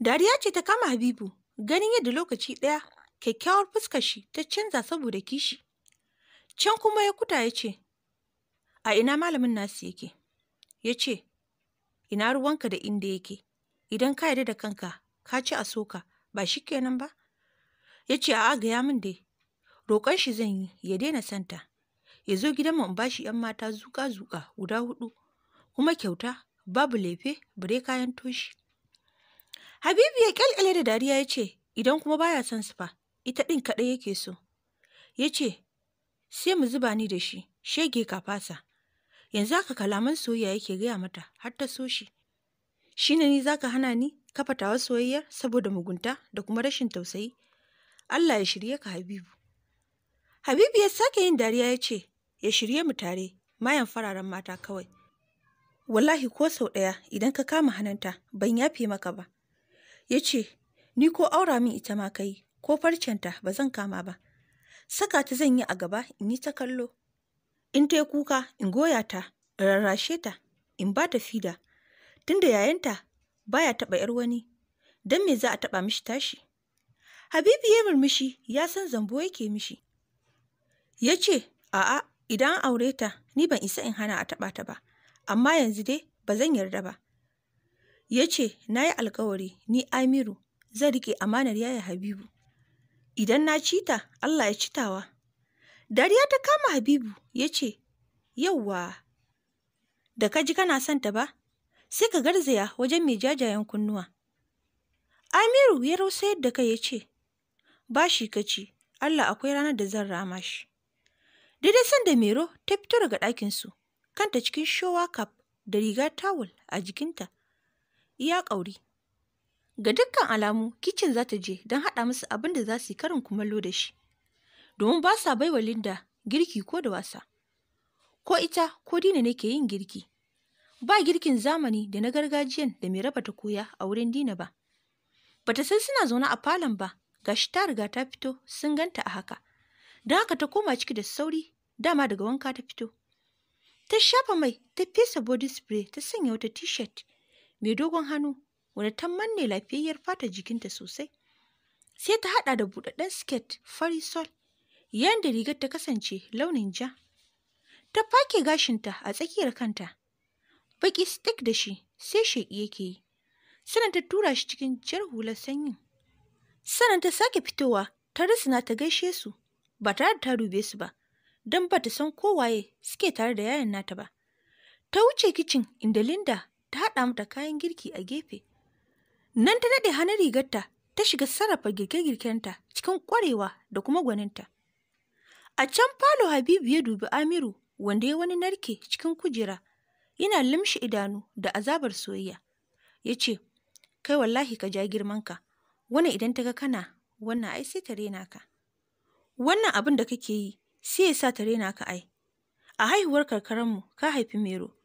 Dariya ce ta kama Habibu, ganin yadda lokaci ɗaya kyakkyawar fuskar shi ta canza saboda kishi. Can kuma ya kuta ya ce, A ina malamin nasu yake? Ya ce, Ina ruwanka da inda yake, idan ka yarda da kanka, ka ci a soka, ba shi kenan ba? Ya ce, A'a gaya min dai, roƙon shi zan yi, ya daina santa. Ya zo gidan mu in ba shi ‘yan mata zuƙa-zuƙa guda huɗu, kuma kyauta, babu lefe, bare kayan toshi. Habibu ya kyalkyale da dariya ya ce, Idan kuma baya son su fa, ita ɗin kaɗai yake so. Ya ce, Sai mu zuba ni da shi, shege ka fasa. Yanzu haka kalaman soyayya yake gaya mata har ta so shi. Shi ne ni za ka hana ni kafatawa soyayyar saboda mugunta da kuma rashin tausayi. Allah ya shirye ka Habibu. Habibu ya sake yin dariya ya ce, Ya shirye mu tare, mayan fararen mata kawai. Wallahi ko sau ɗaya idan ka kama hananta ban yafe maka ba. ya ce, Ni ko aura min ita ma ka yi, ko farcenta ba zan kama ba. Saka ta zan yi a gaba in yi ta kallo. In ta yi kuka in goya ta, rarrashe ta, in ba ta fida. Tunda yayanta baya taɓa ‘yar wani, don me za a taɓa mishi tashi? Habibu ya murmushi ya san zambo yake mishi. Ya ce, A'a, idan aure ta, ni ban isa in hana a taɓa ta ba, amma yanzu dai ba zan yarda ba. Ya ce, Na yi alkawari, ni Amiru, zan riƙe amanar Yaya Habibu. Idan na cita, Allah ya citawa. tawa. Dariya ta kama Habibu, ya ce, Yauwa, da ka ji kana son ta ba, sai ka garzaya wajen mai jajayen kunnuwa. Amiru ya rausa yadda kai ya ce, Ba shi ka ci, Allah akwai ranar da zan rama shi. Daidai sanda Mero ta fito daga ɗakinsu, kanta cikin showa kaf da riga tawul a jikinta. iya ƙauri. Ga dukkan alamu kicin za ta je don haɗa musu abin da za su yi karin kumallo da shi, domin ba sa baiwa Linda girki ko da wasa. Ko ita ko Dina ne ke yin girki. Ba girkin zamani da na gargajiyan da mai raba ta koya a wurin Dina ba. Ba ta san suna zaune a falon ba, ga shi ta riga ta fito sun ganta a haka. Don haka ta koma ciki da sauri, dama daga wanka ta fito. ta shafa mai ta fesa body spray ta sanya wata t-shirt mai dogon hannu wadda ta manne lafiyayyar fata jikinta sosai sai ta haɗa da buɗaɗɗen siket fari sol yayin da rigar ta kasance launin ja ta fake gashinta a tsakiyar kanta baki stick da shi sai sheki yake yi sannan ta tura shi cikin jar hular sanyin sannan ta sake fitowa ta risina ta gaishe su ba tare da ta dube su ba don ba ta san kowaye suke tare da yayan nata ba ta wuce kicin inda linda ta haɗa mata kayan girki a gefe. Nan ta daɗe hannun rigarta ta shiga sarrafa girke-girkenta cikin ƙwarewa da kuma gwaninta. A can falo Habibu ya dubi Amiru wanda ya wani narke cikin kujera yana limshi idanu da azabar soyayya. Ya ce, Kai wallahi ka ja girmanka, wani idan ta ga kana, wannan ai sai ta rena ka. Wannan abin da kake yi sai ya sa ta rena ka ai. A haihuwar karkararmu ka haifi Mero,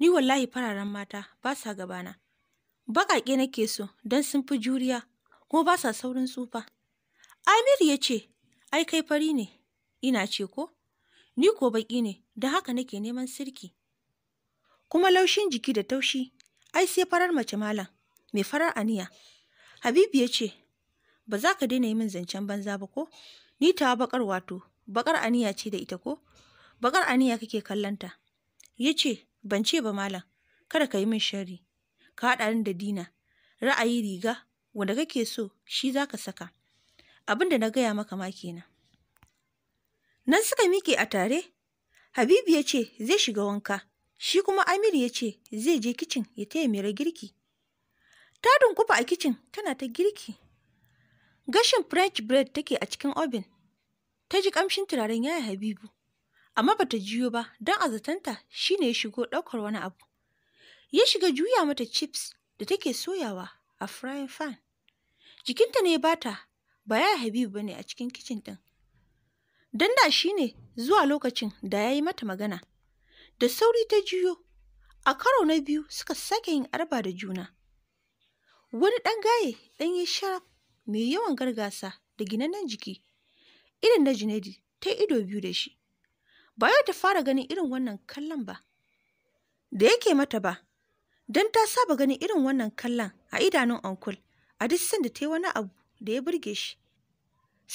Ni wallahi fararen mata ba sa gabana. Baƙaƙe nake so don sun fi juriya kuma ba sa saurin tsufa. Amiru ya ce, ai kai fari ne, ina ce ko? Ni ko baƙi ne, da haka nake neman sirki. Kuma laushin jiki da taushi, ai sai farar mace malam, mai farar aniya. Habibu ya ce, ba za ka daina yi min zancen banza ba ko? Ni tawa baƙar wato, bakar aniya ce da ita ko? Bakar aniya kake kallanta. Ya ce, Ban ce ba malam, kada ka yi min shari, Ka haɗa ni da dina. Ra'ayi riga, wanda kake so, shi za ka saka. Abin da na gaya maka ma kenan. Nan suka miƙe a tare, Habibu ya ce zai shiga wanka, shi kuma Amir ya ce zai je kicin ya taya mera girki. Ta dunkufa a kicin tana ta girki. Gashin French bread take a cikin obin. Ta ji kamshin turaren yaya Habibu. amma bata juyo ba don a zatanta shi ne ya shigo ɗaukar wani abu. Ya shiga juya mata chips da take soyawa a frying fan. Jikinta ne bata ba ya Habibu ne a cikin kicin ɗin. Don da shi ne zuwa lokacin da ya yi mata magana. Da sauri ta juyo, a karo na biyu suka sake yin arba da juna. Wani ɗan gaye ɗan yi sharaf mai yawan gargasa da ginannen jiki, irin na jinadi ta ido biyu da shi. ba ya ta fara ganin irin wannan kallon ba da yake mata ba don ta saba ganin irin wannan kallon a idanun onkul a duk da ta yi wani abu da ya burge shi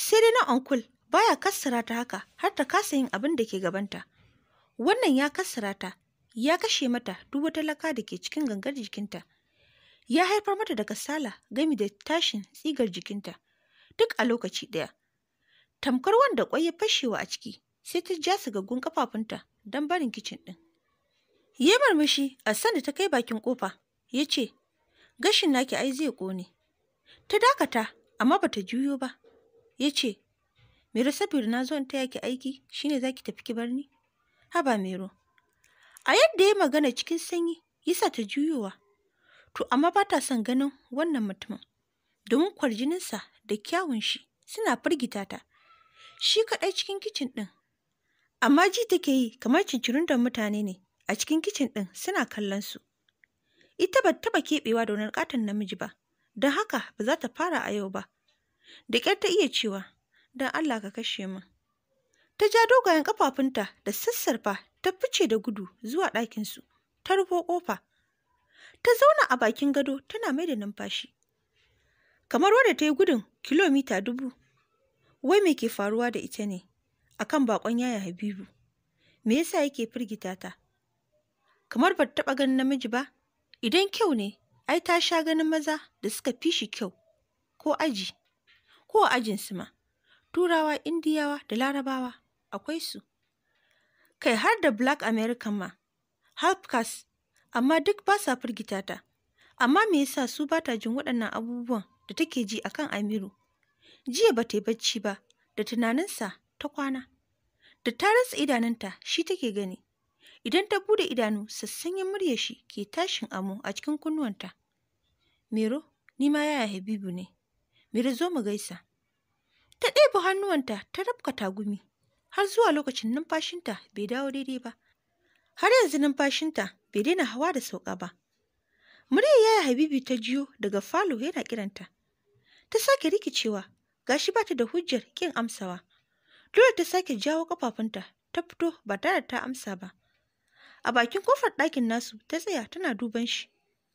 sai dai na onkul baya kassara ta haka har ta kasa yin abin da ke gabanta wannan ya kassara ta ya kashe mata duk wata laka da ke cikin gangar jikinta ya haifar mata da kasala gami da tashin tsigar jikinta duk a lokaci ɗaya tamkar wanda kwai ya fashewa a ciki sai ta ja gaggun kafafunta don barin kicin ɗin. Ya marmashi a sanda ta kai bakin kofa. ya ce, Gashin naki ai zai ƙone. Ta dakata, amma ba ta juyo ba. Ya ce, Mero saboda na zo ta yaki aiki aiki shine za ki tafi ki bar ni? Haba Mero. A yadda ya magana cikin sanyi, yasa ta juyowa. To amma ba ta son ganin wannan mutumin, domin kwarjininsa da kyawun shi suna firgita ta. Shi kaɗai cikin kicin ɗin amma ji take yi kamar cincirin da mutane ne a cikin kicin ɗin suna kallon su. Ita ba taɓa keɓewa da wani ƙaton namiji ba, don haka ba za ta fara a yau ba. Da ƙyar ta iya cewa, don Allah ka kashe min. Ta ja dogayen ƙafafunta da sassarfa ta fice da gudu zuwa ɗakin su ta rufo ƙofa. Ta zauna a bakin gado tana mai da numfashi. Kamar wadda ta yi gudun kilomita dubu, wai me ke faruwa da ita ne? akan bakon yaya Habibu. Me yasa yake firgita ta? Kamar ba taɓa ganin namiji ba? Idan kyau ne, ai ta sha ganin maza da suka fi shi kyau, ko aji, ko ajin su ma. Turawa, Indiyawa da Larabawa akwai su. Kai har da Black American ma, half caste, amma duk ba sa firgita ta. Amma me yasa su ba ta jin waɗannan abubuwan da take ji akan Amiru? Jiya ba ta yi bacci ba, da tunaninsa ta kwana da ta rasa idanunta shi take gani idan ta bude idanu sassanyen murya shi ke tashin amo a cikin kunnuwanta mero ni ma yaya habibu ne mero zo mu gaisa ta ɗebe hannuwanta ta rabka tagumi har zuwa lokacin numfashinta bai dawo daidai ba har yanzu numfashinta bai daina hawa da sauka ba muryar yaya habibu ta jiyo daga falo yana kiranta ta sake rikicewa gashi ba ta da hujjar kin amsawa Dole ta sake jawo ƙafafunta ta fito ba tare da ta amsa ba. A bakin kofar ɗakin nasu ta tsaya tana duban shi.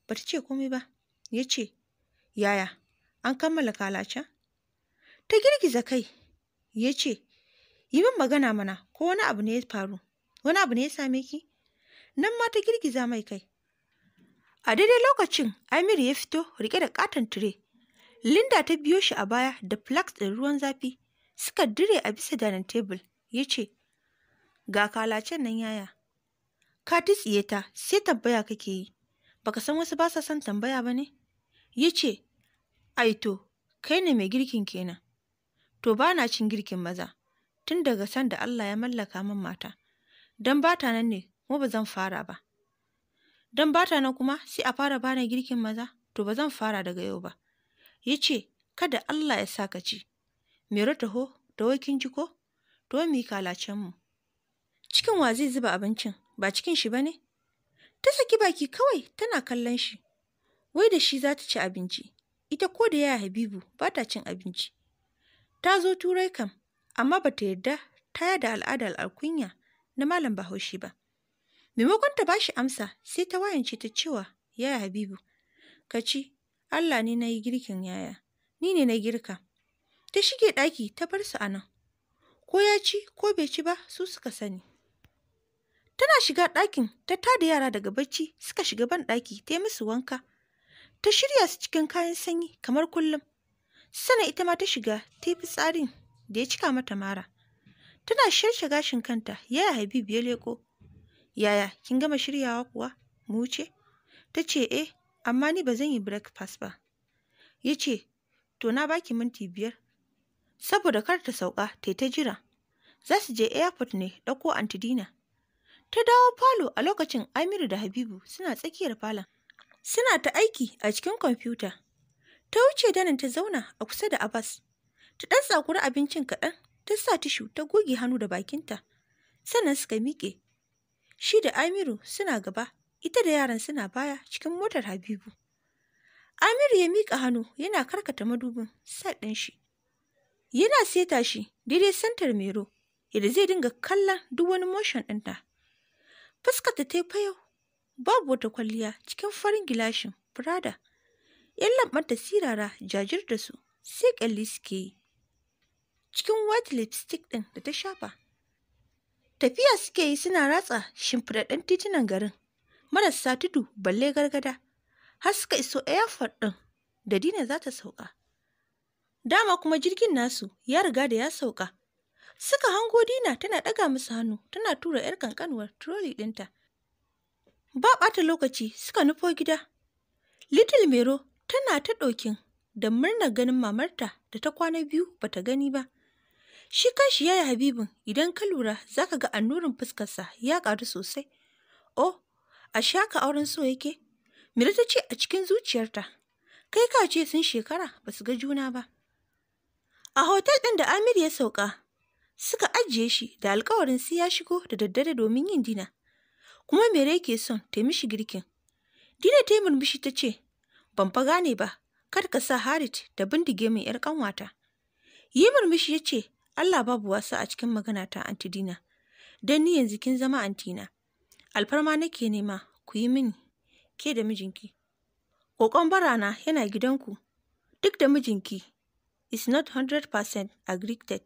Ba ta ce komai ba. Ya ce, Yaya, an kammala kalacen? Ta girgiza kai. Ya ce, Yi min magana mana ko wani abu ne ya faru, wani abu ne ya same ki? Nan ma ta girgiza mai kai. A daidai lokacin, Amiru ya fito riƙe da ƙaton tire. Linda ta biyo shi a baya da flax ɗin ruwan zafi. suka dire a bisa dining table ya ce ga kalacen nan yaya ka tsiye ta sai tambaya kake yi baka san wasu ba sa son tambaya ba ne ya ce aito kai ne mai girkin kenan to ba na cin girkin maza tun daga san da Allah ya mallaka min mata don ba ta nan ne mu ba zan fara ba don ba ta nan kuma sai a fara bana girkin maza to ba zan fara daga yau ba ya ce kada Allah ya sa ka ci Mero taho, wai kin ji ko? To mi kalacen mu. Cikin wa zai zuba abincin, ba cikin shi ba ne? Ta saki baki kawai tana kallon shi. Wai da shi za ta ci abinci, ita ko da yaya Habibu ba ta cin abinci. Ta zo turai kam, amma ba ta yarda ta yada al'ada alkunya na malam bahaushe ba. Maimakon ta bashi amsa sai ta wayance ta cewa yaya Habibu, ka ci, Allah ne na yi girkin yaya, ni ne na girka. ta shige ɗaki ta bar su a nan ko ya ci ko bai ci ba su suka sani tana shiga ɗakin ta tada yara daga bacci suka shiga ban ɗaki ta yi musu wanka ta shirya su cikin kayan sanyi kamar kullum sana ita ma ta shiga ta yi fitsarin da ya cika mata mara tana shirce gashin kanta yaya Habibu ya leko yaya kin gama shiryawa kuwa mu wuce ta ce eh amma ni ba zan yi breakfast ba ya ce to na baki minti biyar saboda kar ta sauka ta ta jira. Za su je airport ne ɗauko antidina. Ta dawo falo a lokacin Amiru da Habibu suna tsakiyar falon. Suna ta aiki a cikin kwamfuta. Ta wuce danin ta zauna a kusa da Abbas. Ta ɗan tsakuri abincin kaɗan, ta sa tishu ta goge hannu da bakinta. Sannan suka miƙe. Shi da Amiru suna gaba, ita da yaran suna baya cikin motar Habibu. Amiru ya miƙa hannu yana karkata madubin sa ɗin shi. yana seta shi daidai santar mero yadda zai dinga kallon duk wani motion ɗinta. Fuskarta ta yi fayau, babu wata kwalliya cikin farin gilashin Prada. ‘Yan da sirara jajir da su sai ƙyalli suke yi. Cikin white lipstick ɗin da ta shafa. Tafiya suke yi suna ratsa shimfiɗaɗɗen titunan garin, marasa tudu balle gargada, har suka iso airport ɗin da Dina za ta sauka. Dama kuma jirgin nasu ya riga da ya sauka. Suka hango Dina tana ɗaga musu hannu tana tura 'yar kankanuwar troli ɗinta. Ba ɓata lokaci suka nufo gida. Little Mero tana ta ɗokin da murnar ganin mamarta da ta kwana biyu bata gani ba. Shi kanshi yaya Habibin idan ka lura za ka ga annurin fuskarsa ya ƙaru sosai. Oh, a shaka auren so yake? Mira ta ce a cikin zuciyarta, kai ka ce sun shekara ba su ga juna ba. A hotel ɗin da Amir ya sauka, suka ajiye shi da alkawarin sai ya shigo da daddare domin yin dina. Kuma Mere ke son ta mishi girkin. Dina ta yi murmushi ta ce, Ban fa gane ba, kar ka sa Harit da bindige min ‘yar kanwata. Yi murmushi ya ce, Allah babu wasa a cikin magana ta anti Dina, don ni yanzu kin zama antina. Alfarma nake nema ku yi mini, ke da mijinki. Ƙoƙon barana yana gidanku, duk da mijinki is not 100% aggregated.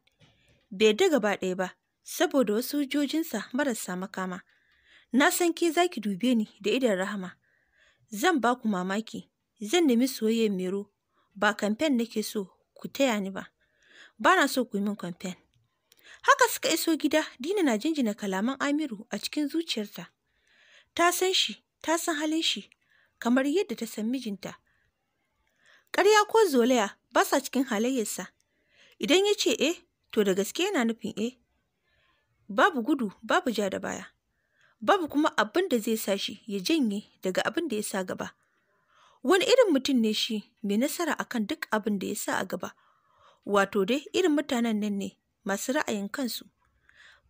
Bai da gaba ɗaya ba, saboda wasu hujjojinsa marasa makama. Na san ke za ki dube ni da idan rahama. Zan ba ku mamaki, zan nemi soyayyar mero, ba kamfen nake so ku taya ni ba. Ba na so ku yi min kamfen. Haka suka iso gida, Dina na jinjina kalaman Amiru a cikin zuciyarta. Ta san shi, ta san halin shi, kamar yadda ta san mijinta. ƙarya ko zolaya ba sa cikin halayyarsa idan ya ce eh to da gaske yana nufin eh babu gudu babu ja da baya babu kuma abin da zai sa shi ya janye daga abin da ya sa gaba wani irin mutum ne shi mai nasara akan duk abin da ya sa a gaba wato dai irin mutanen nan ne masu ra'ayin kansu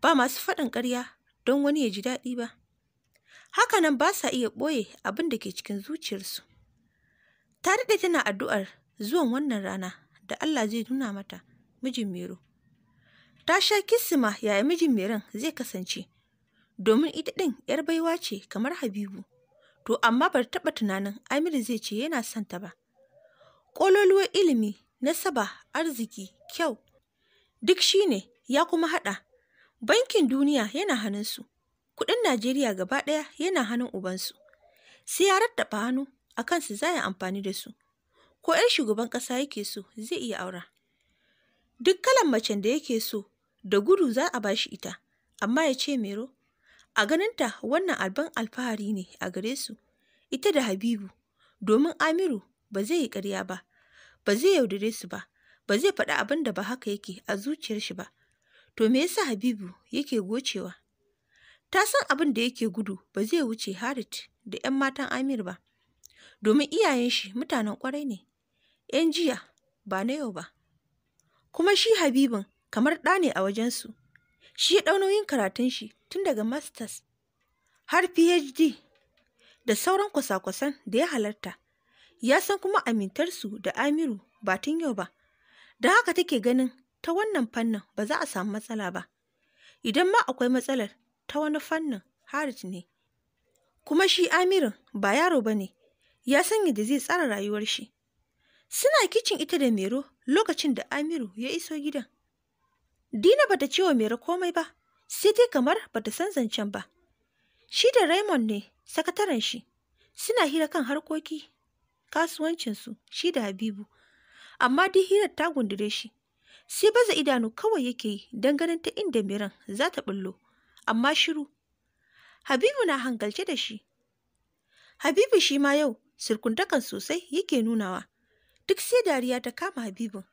ba masu faɗin ƙarya don wani ya ji daɗi ba hakanan ba sa iya ɓoye abin da ke cikin zuciyarsu Ta daɗe tana addu'ar zuwan wannan rana da Allah zai nuna mata mijin Mero. Ta sha kisima yaya mijin Meron zai kasance, domin ita ɗin ‘yar baiwa ce kamar Habibu, to amma bar taɓa tunanin Amiru zai ce yana son ta ba. Ƙololuwar ilimi, nasaba, arziki, kyau, duk shi ne ya kuma haɗa. Bankin duniya yana hannunsu, kuɗin Najeriya gaba ɗaya yana hannun ubansu. Sai ya rattaɓa hannu a kansu za ya amfani da su ko 'yar shugaban ƙasa yake so zai iya aura duk kalan macen da yake so da gudu za a bashi ita amma ya ce mero a ganinta wannan alban alfahari ne a gare su ita da habibu domin amiru ba zai yi karya ba ba zai yaudare su ba ba zai faɗi abin da ba haka yake a zuciyar shi ba to me yasa habibu yake gocewa ta san abin da yake gudu ba zai wuce harit da 'yan matan amir ba domin iyayen shi mutanen kwarai ne, ‘yan jiya ba na yau ba. Kuma shi Habibin kamar ɗa ne a wajensu, shi ya ɗau nauyin karatun shi tun daga masters har PhD da sauran kwasa-kwasan da ya halarta, ya san kuma amintarsu da Amiru ba tun yau ba, Da haka take ganin ta wannan fannin ba za a samu matsala ba. Idan ma akwai matsalar ta wani fannin Harit ne. Kuma shi Amirin ba yaro ba ne, ya san yadda zai tsara rayuwar shi. Suna kicin ita da Mero lokacin da Amiru ya iso gidan. Dina bata ce wa Mero komai ba, sai dai kamar bata san zancen ba. Shi da Raymond ne sakataren shi, suna hira kan harkoki kasuwancinsu shi da Habibu, amma dai hirar ta gundure shi. Sai baza idanu kawai yake yi don ganin ta inda miran za ta bullo, amma shiru. Habibu na hangalce da shi. Habibu shi ma yau sirkuntakan sosai yake nunawa duk sai dariya ta kama habibin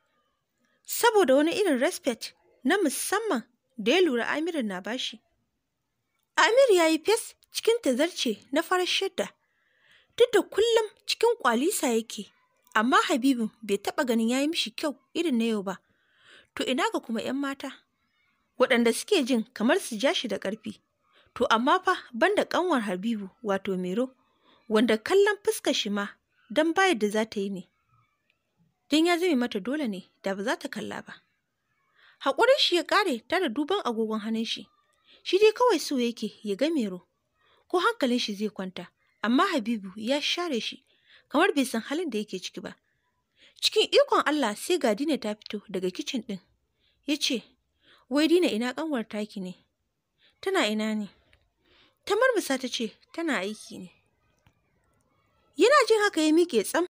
saboda wani irin respect na musamman da ya lura amirin na bashi amir ya yi fes cikin tazarce na farar shadda duk da kullum cikin kwalisa yake amma habibin bai taba ganin ya yi mishi kyau irin na yau ba to ina ga kuma 'yan mata waɗanda suke jin kamar su jashi da ƙarfi to amma fa banda ƙanwar habibu wato mero wanda kallon fuskar shi ma don bayar da za ta yi ne don ya zame mata dole ne da ba za ta kalla ba haƙurin shi ya ƙare ta da duban agogon hannun shi shi dai kawai so yake ya ga mero ko hankalin shi zai kwanta amma habibu ya share shi kamar bai san halin da yake ciki ba cikin ikon allah sai ga dina ta fito daga kicin ɗin ya ce wai dina ina ƙanwar taki ne tana ina ne ta marmasa ta ce tana aiki ne Yana jin haka ya miƙe tsam